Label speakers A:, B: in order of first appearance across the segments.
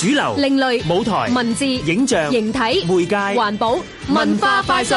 A: 主流、另類、舞台、文字、影像、形體、媒介、環保、文化、快訊。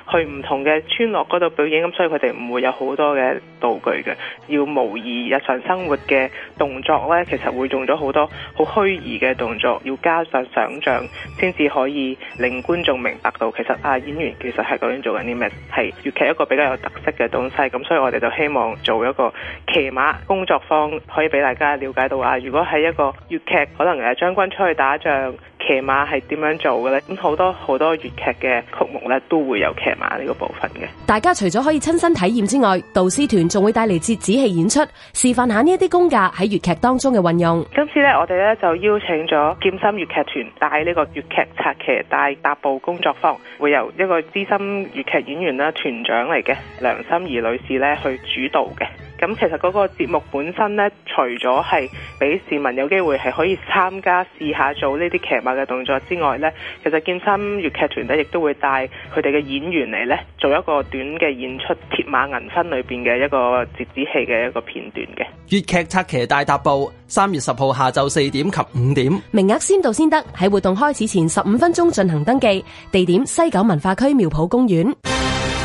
B: 去唔同嘅村落嗰度表演，咁所以佢哋唔會有好多嘅道具嘅，要模擬日常生活嘅動作咧，其實會用咗好多好虛擬嘅動作，要加上想像，先至可以令觀眾明白到其實啊演員其實喺嗰度做緊啲咩，係粵劇一個比較有特色嘅東西。咁所以我哋就希望做一個騎馬工作坊，可以俾大家了解到啊，如果係一個粵劇，可能誒將軍出去打仗。騎馬係點樣做嘅咧？咁好多好多粵劇嘅曲目咧，都會有騎馬呢個部分嘅。
A: 大家除咗可以親身體驗之外，導師團仲會帶嚟折子戲演出，示範下呢一啲功架喺粵劇當中嘅運用。
B: 今次咧，我哋咧就邀請咗劍心粵劇團帶呢個粵劇拆騎帶踏步工作坊，會由一個資深粵劇演員啦，團長嚟嘅梁心怡女士咧去主導嘅。咁其實嗰個節目本身咧，除咗係俾市民有機會係可以參加試下做呢啲騎馬嘅動作之外咧，其實健身粵劇團咧亦都會帶佢哋嘅演員嚟咧，做一個短嘅演出《鐵馬銀婚》裏面嘅一個折子戲嘅一個片段嘅。
C: 粵劇策騎大踏步，三月十號下晝四點及五點，
A: 名額先到先得，喺活動開始前十五分鐘進行登記，地點西九文化區苗圃公園。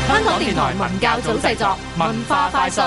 A: 香港電台文教組製作文化快訊。